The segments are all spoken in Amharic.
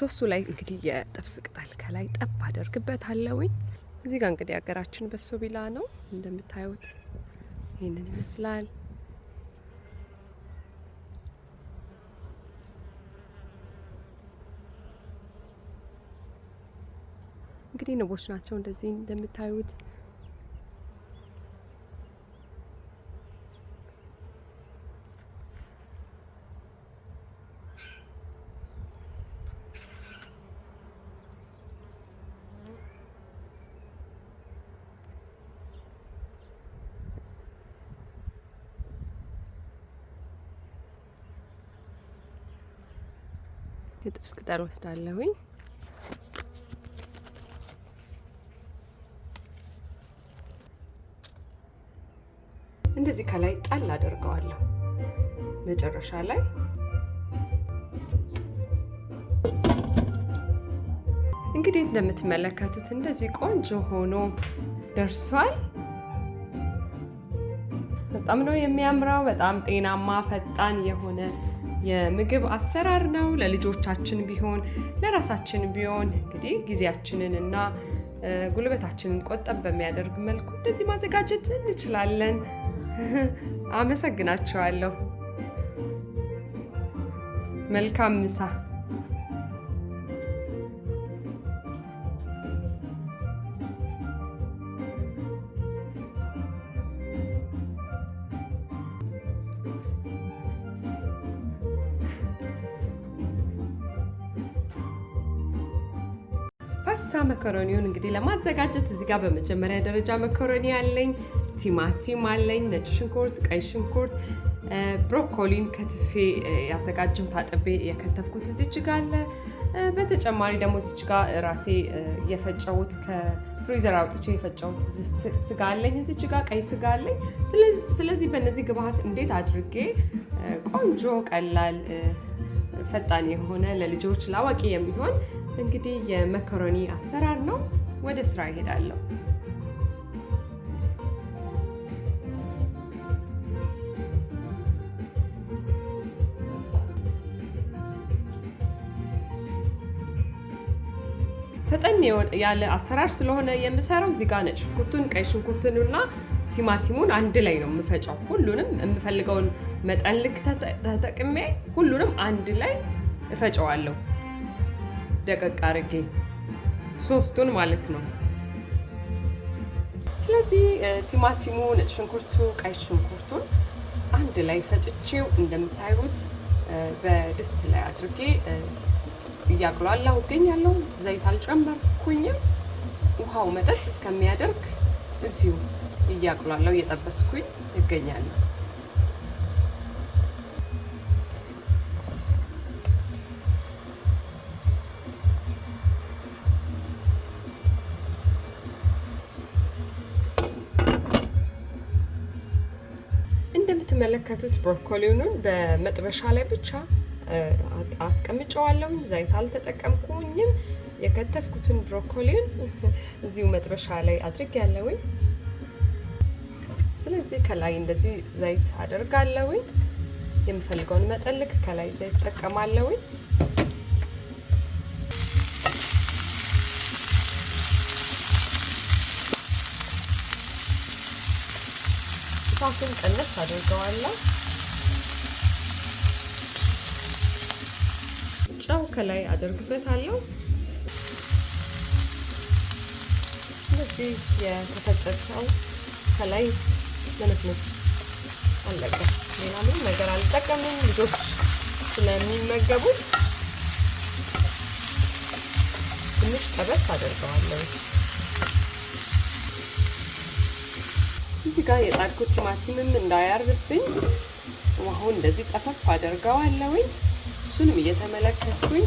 ሶሱ ላይ እንግዲህ የጥብስ ቅጠል ከላይ ጠብ አደርግበታለሁኝ። እዚህ ጋር እንግዲህ ሀገራችን በሶ ቢላ ነው እንደምታዩት፣ ይህንን ይመስላል። እንግዲህ ንቦች ናቸው እንደዚህ እንደምታዩት የጥብስ ቅጠል ወስዳለሁኝ። እንደዚህ ከላይ ጣል አደርገዋለሁ። መጨረሻ ላይ እንግዲህ እንደምትመለከቱት እንደዚህ ቆንጆ ሆኖ ደርሷል። በጣም ነው የሚያምረው። በጣም ጤናማ ፈጣን የሆነ የምግብ አሰራር ነው። ለልጆቻችን ቢሆን ለራሳችን ቢሆን እንግዲህ ጊዜያችንን እና ጉልበታችንን ቆጠብ በሚያደርግ መልኩ እንደዚህ ማዘጋጀት እንችላለን። አመሰግናቸዋለሁ። መልካም ምሳ ፓስታ መኮረኒውን እንግዲህ ለማዘጋጀት እዚህ ጋር በመጀመሪያ ደረጃ መኮረኒ አለኝ፣ ቲማቲም አለኝ፣ ነጭ ሽንኩርት፣ ቀይ ሽንኩርት፣ ብሮኮሊን ከትፌ ያዘጋጀሁት አጥቤ የከተፍኩት እዚች ጋ አለ። በተጨማሪ ደግሞ እዚች ጋ ራሴ የፈጨሁት ከፍሪዘር አውጥቼ የፈጨሁት ስጋ አለኝ። እዚች ጋ ቀይ ስጋ አለኝ። ስለዚህ በእነዚህ ግብአት እንዴት አድርጌ ቆንጆ ቀላል ፈጣን የሆነ ለልጆች ላዋቂ የሚሆን እንግዲህ የመኮረኒ አሰራር ነው። ወደ ስራ ይሄዳለሁ። ፈጠን ያለ አሰራር ስለሆነ የምሰራው እዚህ ጋር ነጭ ሽንኩርቱን፣ ቀይ ሽንኩርቱንና ቲማቲሙን አንድ ላይ ነው የምፈጨው። ሁሉንም የምፈልገውን መጠን ልክ ተጠቅሜ ሁሉንም አንድ ላይ እፈጨዋለሁ። ደቀቅ አድርጌ ሶስቱን ማለት ነው። ስለዚህ ቲማቲሙ፣ ነጭ ሽንኩርቱ፣ ቀይ ሽንኩርቱን አንድ ላይ ፈጭቼው እንደምታዩት በድስት ላይ አድርጌ እያቅሏለሁ እገኛለሁ። ዘይት አልጨመርኩኝም። ውሃው መጠጥ እስከሚያደርግ እዚሁ እያቅሏለሁ እየጠበስኩኝ እገኛለሁ። እንደምትመለከቱት ብሮኮሊውን በመጥበሻ ላይ ብቻ አስቀምጨዋለሁ። ዘይት አልተጠቀምኩኝም። የከተፍኩትን ብሮኮሊውን እዚሁ መጥበሻ ላይ አድርግ ያለውኝ። ስለዚህ ከላይ እንደዚህ ዘይት አደርጋለውኝ። የምፈልገውን መጠልቅ ከላይ ዘይት እጠቀማለውኝ። እሳቱን ቀነስ አድርገዋለሁ። ጨው ከላይ አደርግበታለሁ። እንደዚህ የተፈጨ ጨው ከላይ ምንፍንስ አለቀ። ሌላ ምንም ነገር አልጠቀምም፣ ልጆች ስለሚመገቡት ትንሽ ጠበስ አደርገዋለሁ። እዚህ ጋር የጣድኩት ቲማቲምም እንዳያርብብኝ ውሃውን እንደዚህ ጠፈፍ አደርገዋለሁኝ። እሱንም እየተመለከትኩኝ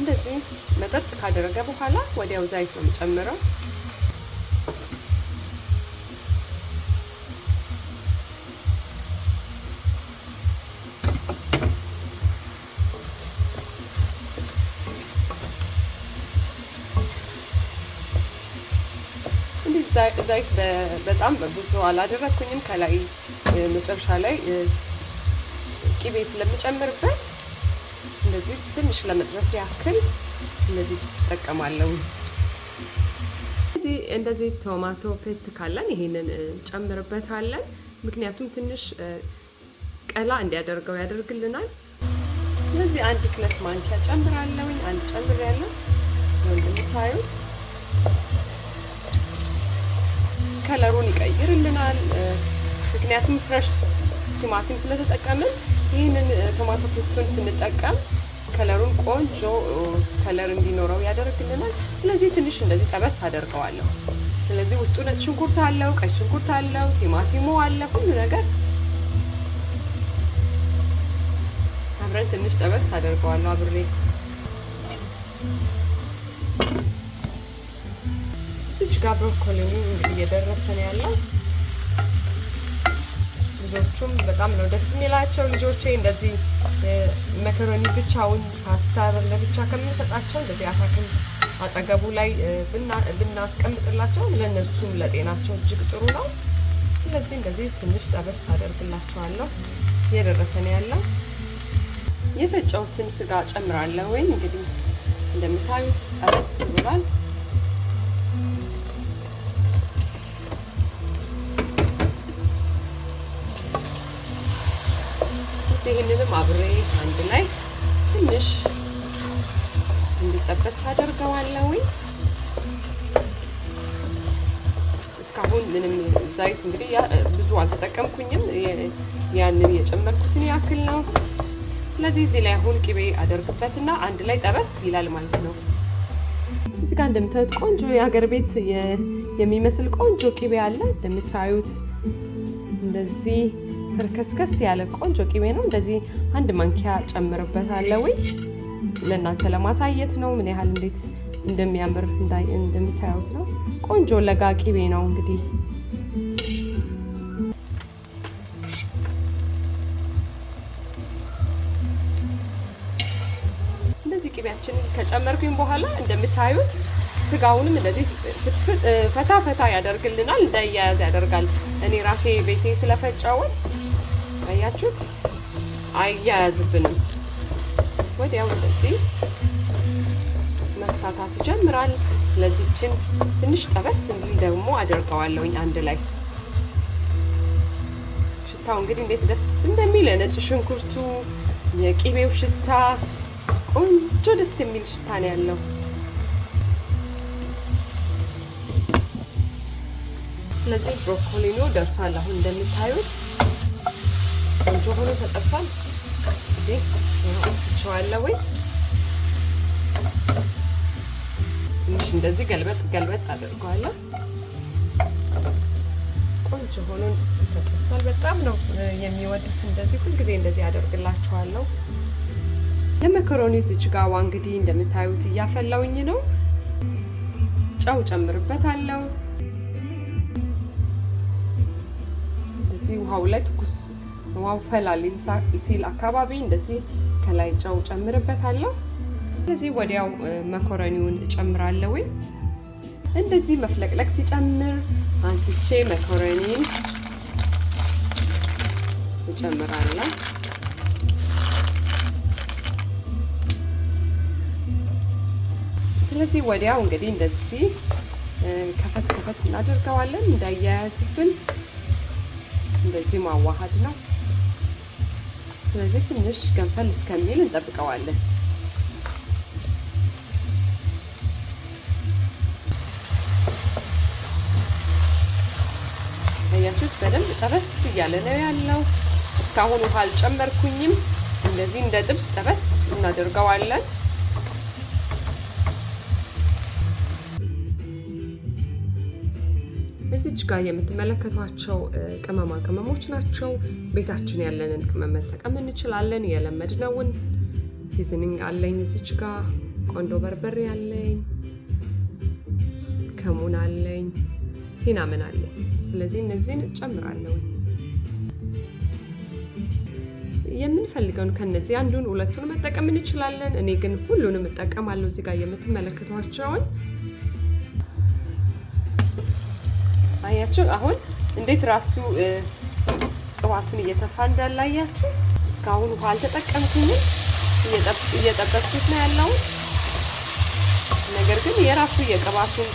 እንደዚህ መጠጥ ካደረገ በኋላ ወዲያው ዘይት ነው የምጨምረው። ዘይት በጣም ብዙ አላደረግኩኝም። ከላይ መጨረሻ ላይ ቂቤ ስለምጨምርበት እንደዚህ ትንሽ ለመድረስ ያክል እንደዚህ እጠቀማለሁ። እንደዚህ ቶማቶ ፔስት ካለን ይሄንን ጨምርበታለን። ምክንያቱም ትንሽ ቀላ እንዲያደርገው ያደርግልናል። ስለዚህ አንድ ክለት ማንኪያ ጨምራለሁኝ። አንድ ጨምር ያለው እንደምታዩት ከለሩን ይቀይርልናል። ምክንያቱም ፍረሽ ቲማቲም ስለተጠቀምን ይህንን ቶማቶ ፔስቱን ስንጠቀም ከለሩን ቆንጆ ከለር እንዲኖረው ያደርግልናል። ስለዚህ ትንሽ እንደዚህ ጠበስ አደርገዋለሁ። ስለዚህ ውስጡ ነጭ ሽንኩርት አለው፣ ቀይ ሽንኩርት አለው፣ ቲማቲሙ አለ፣ ሁሉ ነገር አብረን ትንሽ ጠበስ አደርገዋለሁ አብሬ ጋር ብሮኮሊኒ እየደረሰ ነው ያለው። ልጆቹም በጣም ነው ደስ የሚላቸው። ልጆቼ እንደዚህ መከሮኒ ብቻውን ፓስታ ለብቻ ከምንሰጣቸው እንደዚህ አታክል አጠገቡ ላይ ብናስቀምጥላቸው ለእነሱም ለጤናቸው እጅግ ጥሩ ነው። ስለዚህ እንደዚህ ትንሽ ጠበስ አደርግላቸዋለሁ። እየደረሰ ነው ያለው። የፈጨሁትን ስጋ ጨምራለሁ። ወይም እንግዲህ እንደምታዩት ጠበስ ብሏል። ይህንንም አብሬ አንድ ላይ ትንሽ እንዲጠበስ አደርገዋለሁኝ። እስካሁን ምንም ዘይት እንግዲህ ብዙ አልተጠቀምኩኝም፣ ያንን የጨመርኩትን ያክል ነው። ስለዚህ እዚህ ላይ አሁን ቅቤ አደርግበትና አንድ ላይ ጠበስ ይላል ማለት ነው። እዚህ ጋር እንደምታዩት ቆንጆ የሀገር ቤት የሚመስል ቆንጆ ቅቤ አለ እንደምታዩት እንደዚህ ፍርክስክስ ያለ ቆንጆ ቂቤ ነው። እንደዚህ አንድ ማንኪያ ጨምርበታለሁ። ለእናንተ ለማሳየት ነው ምን ያህል እንዴት እንደሚያምር እንደምታዩት ነው። ቆንጆ ለጋ ቂቤ ነው እንግዲህ እንደዚህ ቂቤያችን ከጨመርኩኝ በኋላ እንደምታዩት ስጋውንም እንደዚህ ፈታ ፈታ ያደርግልናል፣ እንዳያያዝ ያደርጋል። እኔ ራሴ ቤቴ ስለፈጫወት አያችሁት? አያያዝብንም። ወዲያው እንደዚህ መፍታታት ይጀምራል። ለዚችን ትንሽ ጠበስ እንዲ ደግሞ አደርገዋለሁኝ አንድ ላይ ሽታው እንግዲህ እንዴት ደስ እንደሚል ነጭ ሽንኩርቱ፣ የቂቤው ሽታ ቆንጆ ደስ የሚል ሽታ ነው ያለው። ስለዚህ ነው ደርሷል አሁን እንደምታዩት ቆንጆ ሆኖ ተጠብሷል። እንግዲህ ወይ ትንሽ እንደዚህ ገልበጥ ገልበጥ አድርገዋለሁ። ቆንጆ ሆኖ ተጠብሷል። በጣም ነው የሚወዱት። እንደዚህ ሁልጊዜ እንደዚህ አደርግላቸዋለሁ። ለመኮሮኒ እዚች እንግዲህ እንደምታዩት እያፈላውኝ ነው። ጨው ጨምርበታለሁ። እዚህ ውሃው ላይ ትኩስ ማውፈላል ሲል አካባቢ እንደዚህ ከላይ ጨው ጨምርበታለሁ። ስለዚህ ወዲያው መኮረኒውን እጨምራለሁ። እንደዚህ መፍለቅለቅ ሲጨምር አንስቼ መኮረኒን እጨምራለሁ። ስለዚህ ወዲያው እንግዲህ እንደዚህ ከፈት ከፈት እናደርገዋለን እንዳያያዝብን። እንደዚህ ማዋሃድ ነው። ስለዚህ ትንሽ ገንፈል እስከሚል እንጠብቀዋለን። ያችሁት በደንብ ጠበስ እያለ ነው ያለው። እስካሁን ውሃ አልጨመርኩኝም። እንደዚህ እንደ ጥብስ ጠበስ እናደርገዋለን። እዚች ጋር የምትመለከቷቸው ቅመማ ቅመሞች ናቸው። ቤታችን ያለንን ቅመም መጠቀም እንችላለን። የለመድነውን ሲዝኒንግ አለኝ እዚች ጋር ቆንዶ በርበሬ አለኝ፣ ከሙን አለኝ፣ ሲናምን አለኝ። ስለዚህ እነዚህን እጨምራለሁ። የምንፈልገውን ከነዚህ አንዱን ሁለቱን መጠቀም እንችላለን። እኔ ግን ሁሉንም እጠቀማለሁ። እዚህ ጋር የምትመለከቷቸውን አያችሁ አሁን እንዴት ራሱ ቅባቱን እየተፋ እንዳለ አያችሁ። እስካሁን ውሃ አልተጠቀምኩኝ እየጠበስኩት ነው ያለው። ነገር ግን የራሱ የቅባቱን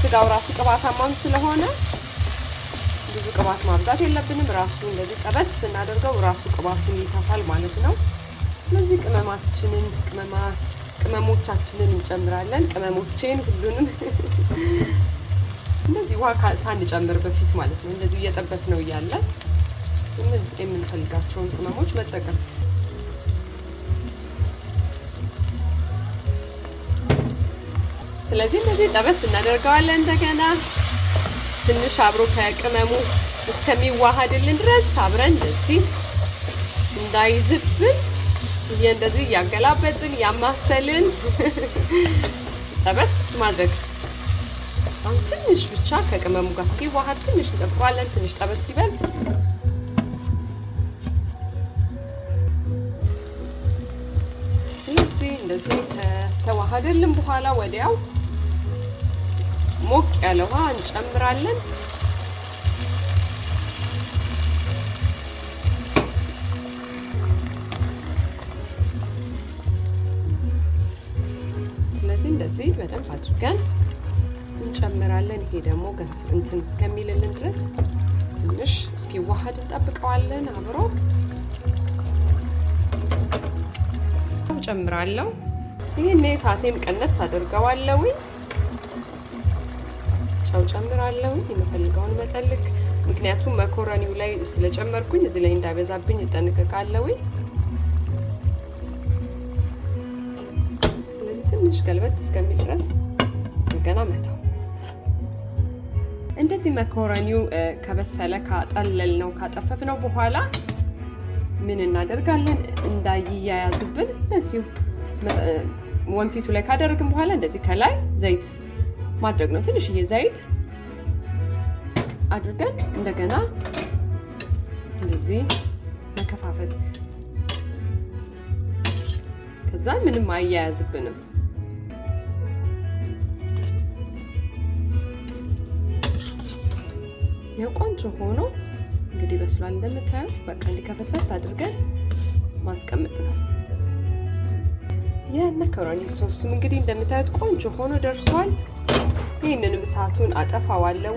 ስጋው ራሱ ቅባታማም ስለሆነ ብዙ ቅባት ማብዛት የለብንም። ራሱ እንደዚህ ጠበስ ስናደርገው ራሱ ቅባቱን ይተፋል ማለት ነው። ስለዚህ ቅመማችንን ቅመማ ቅመሞቻችንን እንጨምራለን። ቅመሞቼን ሁሉንም ውሃ ሳንጨምር በፊት ማለት ነው። እንደዚህ እየጠበስ ነው እያለ የምንፈልጋቸውን ቅመሞች መጠቀም ስለዚህ እነዚህ ጠበስ እናደርገዋለን። እንደገና ትንሽ አብሮ ከቅመሙ እስከሚዋሃድልን ድረስ አብረን እንደዚህ እንዳይዝብን እንደዚህ እያገላበጥን ያማሰልን ጠበስ ማድረግ አሁን ትንሽ ብቻ ከቅመሙ ጋር ሲዋሃድ ትንሽ እንጠብቀዋለን። ትንሽ ጠበስ ሲበል ስለዚህ እንደዚህ ከተዋሃደልን በኋላ ወዲያው ሞቅ ያለ ውሃ እንጨምራለን። ስለዚህ እንደዚህ በደንብ አድርገን አድርገን ይሄ ደግሞ እንትን እስከሚልልን ድረስ ትንሽ እስኪዋሃድ እንጠብቀዋለን። አብሮ ጨምራለሁ። ይህኔ ሳቴም ቀነስ አድርገዋለሁ ጨው ጨምራለሁ፣ የምፈልገውን መጠን ልክ ምክንያቱም መኮረኒው ላይ ስለጨመርኩኝ እዚህ ላይ እንዳይበዛብኝ እጠነቀቃለሁ ስለዚህ ትንሽ ገልበት እስከሚል ድረስ ገና መተው እንደዚህ መኮረኒው ከበሰለ ካጠለል ነው ካጠፈፍ ነው በኋላ ምን እናደርጋለን? እንዳይያያዝብን እንደዚሁ ወንፊቱ ላይ ካደረግን በኋላ እንደዚህ ከላይ ዘይት ማድረግ ነው። ትንሽዬ ዘይት አድርገን እንደገና እንደዚህ መከፋፈል፣ ከዛ ምንም አያያዝብንም። ይህ ቆንጆ ሆኖ እንግዲህ በስሏል። እንደምታዩት በቃ እንዲከፈትፈት አድርገን ማስቀመጥ ነው። የመከሮኒ ሶስቱም እንግዲህ እንደምታዩት ቆንጆ ሆኖ ደርሷል። ይህንንም እሳቱን አጠፋዋለሁ።